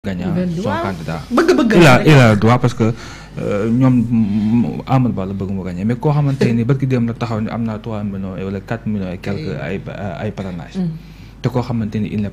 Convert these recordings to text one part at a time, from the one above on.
gagner son candidat ah, il a il a droit parce que euh, ñoom euh, Amadou Ba la bëgg mu gagner mais koo xamante ni barki dem la taxaw am naa trois millions wala quatre millions ay ay parrainage mm. te koo xamante ni il n'est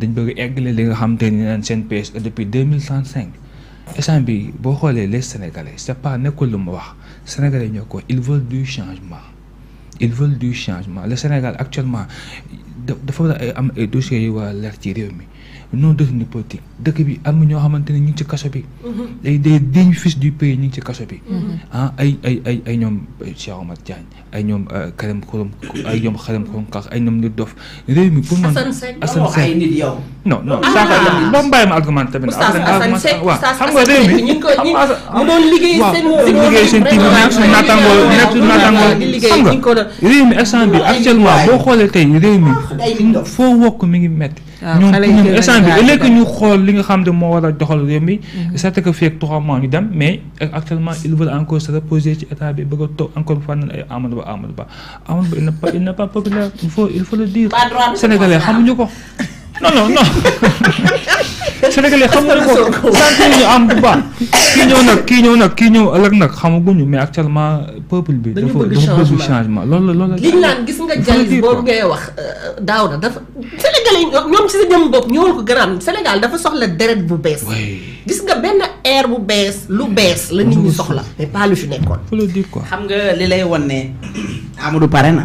dañ bëgg eggale li nga xam te ni naan seen PSE depuis deux mille trente cinq échange bi boo xoolee les sénégalais c'est pas nekkul lu ma wax sénégalais ñoo ko ils veulent du changement ils veulent du changement le Sénégal actuellement dafa war am ay dossiers yu war leer ci réew mi. non def ni politique dëkk bi am ñoo xamante ne ñu ngi ci kaso bi. Mhm. ay des dignes fils du pays ñu ngi ci kaso bi. Mhm. ah ay ay ay ay ñoom Cheikh Omar Diagne ay ñoom euh, Karim Xurum ay ñoom Karim Xurum Kaax ay ñoom nit dof réew mi pour man. Assane Seck ay nit yow. non non saako ba mu bàyyi ma argument tamit. Oustaz Assane Seck waaw xam nga réew mi. boo xoolee tey réew mi ah, foo ñun ñun instant bi ëllëg ñu xool li nga xam ne moo war a doxal réew mi certes que fii ak trois mois ñu dem mais actuellement il veut encore se reposer ci état bi bëgg a toog encore fois nan ay Amadou Ba Amadou Ba Amadou Ba il n'est pas il n'est pas populaire il faut il faut le dire sénégalais xamuñu ko non non non Sénégal yi ko sant ñu am bu baax kii ñëw nag kii ñëw nag kii ñëw ëllëg nag xamaguñu mais actuellement peuple bi. dafa dafa bëgg changement loolu la loolu la. liñ naan gis nga jalis boobu ngay wax euh, daaw na dafa Sénégal yi ñoom ci sa jëm bopp ñëwal ko garaam Sénégal dafa soxla deret bu bees. gis nga benn air bu bees lu bees la nit ñi soxla. mais pas nekkoon. faut le dire quoi. xam nga li lay wan ne Amadou pare na.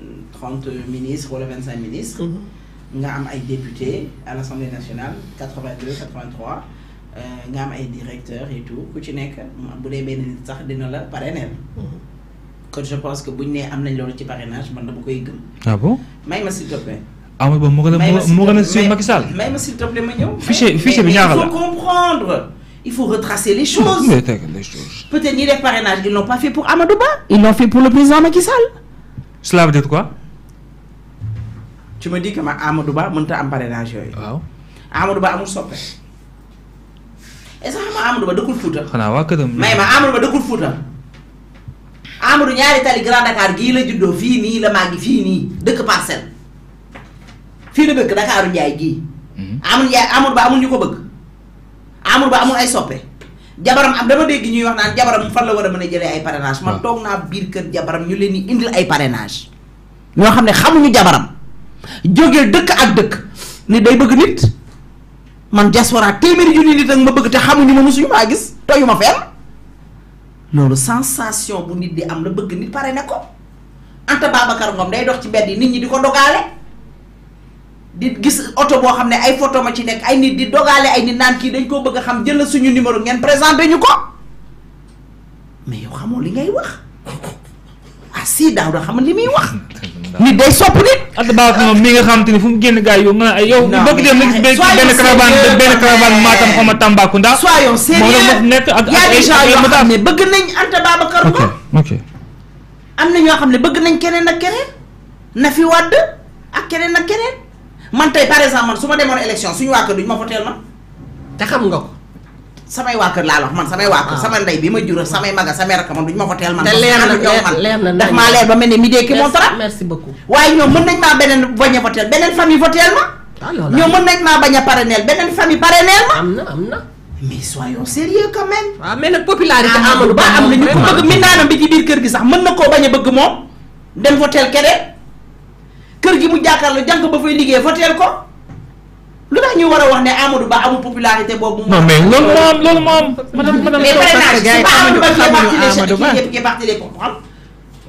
30 ministres wala 25 ministres. Mhm. nga am ay députés à l'Assemblée nationale 82 83 euh, nga am ay directeurs et tout ku ci mhm. je pense que vous ñu nee am parrainage man koy gëm. ah bon Mais s'il te plaît. ah mooy boobu Macky Sall. s'il te plaît ma fichier fichier il faut comprendre. il faut retracer les choses. peut-être les les parrainages ils n'ont pas fait pour Amadou ils l'ont fait pour le président Macky Sall. cela veut dire quoi. tu me dis que ma Amadou Ba ta am parrainage yoy waaw Amadou Ba amul soppé est ce que xam Amadou Ba dëkkul Fouta. xanaa waa këram. may ma Amadou Ba dekul foota Amadou ñaari tali Grand Dakar gi la juddoo fi ni la magi fi ni dëkk parcel fi la dëkk Dakaru ñay gi amul ñay Amadou Ba amul ñuko bëgg. Amadou Ba amul ay soppé jabaram am dama deg ñuy wax naan jabaram fan la wara mëna jëlé ay parrainage man tok na biir kër jabaram ñu leen ni indil ay parrainage ño xamné xamuñu jabaram joge dek ak dëkk ni day bëgg nit man jaswara téeméeri junni nit ak ma bëgg te xamuñu ma musuñu ma gis toyuma fenn sensation bu nit di am la bëgg nit pare nako ko anta babakar ngom day dox ci nini nit ñi di dogalé di gis auto bo xamné ne ay photo ma ci nek ay nit di dogalé ay nit naan ki dañ ko bëgg xam jël suñu numéro ngeen présenté ñu ko mais yow xamoo li ngay wax ah, xam li wax nit day sopp nit. at baax moom mi nga xam te ni fu mu génn gars yi yow nga ay yow. bëgg dem nga gis benn benn caravane benn caravane Matam xaw ma Tambacounda. soyons sérieux moom nekk ak ak ay yoo xam ne bëgg nañ Anta Babacar Ngom. ok am na ñoo xam ne bëgg nañ keneen ak keneen na fi wàdd ak keneen ak keneen man tey par exemple su ma demoon élection suñu waa kër duñ ma voteel ma te xam nga ko. samay wa keur la wax man samay wa keur ah. sama nday bima ma samay maga samay rek man duñ ma ko man. te ma leer ba melni midé ki mo tara. merci beaucoup way ñom mën nañ ma benen ah, bañ a benen fami famille ma. ñom mën nañ ma baña a benen fami famille ma. amna amna mais soyons sérieux quand même. waaw ah, mais la popularité amul Ba am na ñu ko bëgg mindaanam bi ci bir keur gi sax mën nako baña bëgg moom dem voteel kéré keur gi mu jàkkaarloo jank ba fay liggé voteel ko tax ñu war a wax ne Amadou Ba amul popularité boobu. non mais loolu moo am loolu moo am. madame madame Sow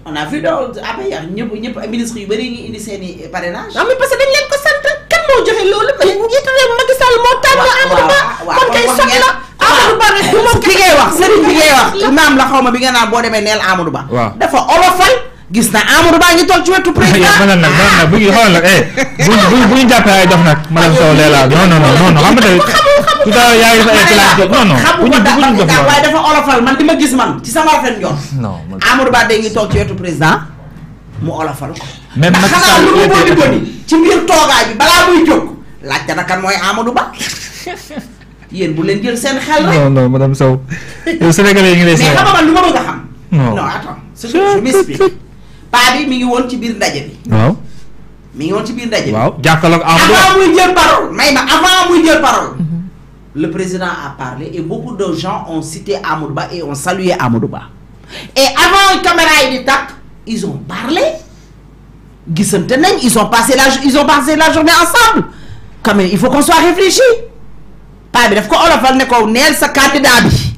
on a vu loolu après ah ñëpp ñëpp ministre yu bëri ñu indi seen i parrainage. non mais parce que dañ leen ko sant kan moo joxe loolu. njiitu réew Macky Sall moo tànn. waaw waaw waaw kon kay sot la. Amadou Ba rek du moom ki ngay wax Serigne bi ngay wax. naam la xaw ma bi nga naan boo demee neel Amadou Ba. dafa olofal. gis na Amadou Ba ngi toog ci wetu président ah nag nag bu ñu xoolal nag eh, bu bu ñu jàppee ay dof nag. madame Sow leela non non non xam nga tamit. sa ay classe non non bu ñu bu ñu dof waaye dafa olofal man ma gis Ba de bi balaa muy jóg laajte na kan mooy Amadou Ba. yéen bu leen jël seen xel rek. non non madame ngi lay. mais xam nga lu ma bëgg a xam. non non attends je m'explique paa bi mi ngi woon ci bir ndaje bi. waaw. mi ngi woon ci bir ndaje bi. waaw jàkkaarloog avant muy jël parole may avant muy jël parole. le président a parlé et beaucoup de gens ont cité Amadou Ba et ont salué Amadou Ba. et avant caméra yi di tak ils ont parlé gisante nañ ils ont passé la ils ont passé la journée ensemble quand même il faut qu'on soit réfléchi paa bi daf ko olofal ne ko neel sa candidat bi.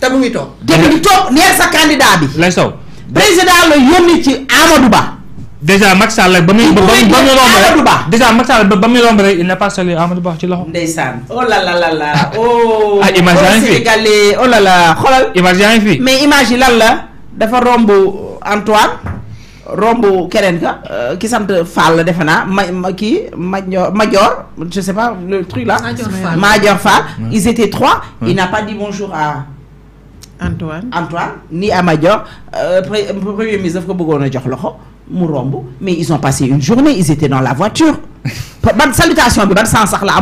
ta mu ngi toog. dégg nga toog neel sa candidat bi. lay saw président le yónni ci Amadou Ba. déjà Macky Sall ba muy. ba muy déjà Macky Sall ba muy il n'a pas salué Amadou Ba ci loxo. ndeysaan oh la la la la, oh. ah image yaa oh, fi Sénégalais oh la la, xoolal. image yaa fi. mais imagine yi lan la dafa rombo Antoine rombo, keneen ka euh, ki sante Fall defe naa ma ki Major je sais pas le truc là. Major Fall Major Fall ils étaient trois. il n'a pas dit bonjour à. Antoine Antoine ni Amadio euh, premier ministre que ko bëggoon jox mais ils ont passé une journée ils étaient dans la voiture Salutations, salutation bonne sens sax la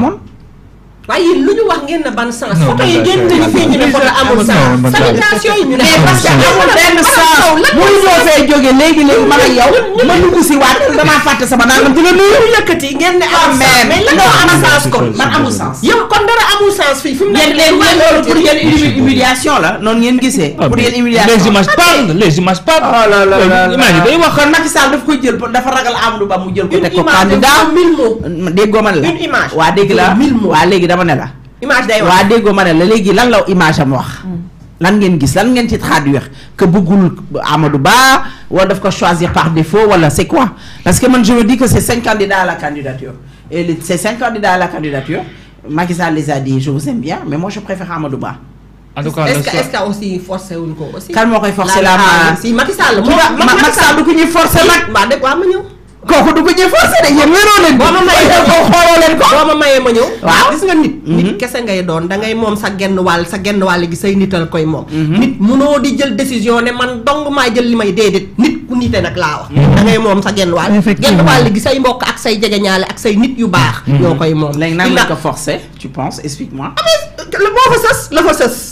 waaye lu ñu wax ngeen na ban sens photo yi ngeen tëj fii ne photo amul sens salutation yi ñu ne parce que amul benn sens mu ñoo fee jóge léegi léegi ma yow ma dugg si waat dama fàtte sama naan dina nuyu ñu ngeen ne am mais lan am sens kon man amul sens yow kon dara amul sens fi leen pour humiliation la noonu ngeen gisee pour yéen humiliation les images parlent les images parlent oh là là image day wax kon Macky Sall daf ko jël dafa ragal dama ne la. image day wax wa déggoo ma la léegi lan la image am wax. Hmm. lan ngeen gis lan ngeen ci traduire que bëggul Amadou Ba wala daf ko choisir par défaut wala c'est quoi parce que man je me dis que c'est cinq candidats à la candidature et les, ces cinq candidats à la candidature Macky Sall les a dit je vous aime bien mais moi je préfère Amadou Ba. en tout cas est-ce que est-ce que aussi forcé wuñ ko aussi. kan forcé la si Macky Sall. Macky Sall ko forcé nag. waaw de quoi ma kooku du ko ñuy forcé de yéen wéroo leen. boo ma mayee ko xooloo leen ko. boo ma mayee ma ñëw. waaw gis nga nit. Mhm. nit kese ngay doon da moom sa genn wàll sa genn wàll gi say nital koy moom. Mhm. nit munoo di jël décision ne man dong maa jël li may déedéet nit ku nite nag laa wax. Mhm. da ngay moom sa genn wàll. genn wàll gi say mbokk ak say jegeñaale ak say nit yu baax. ñoo koy moom léegi la ko forcé tu penses explique moi. ah mais euh, la sës la fa sës.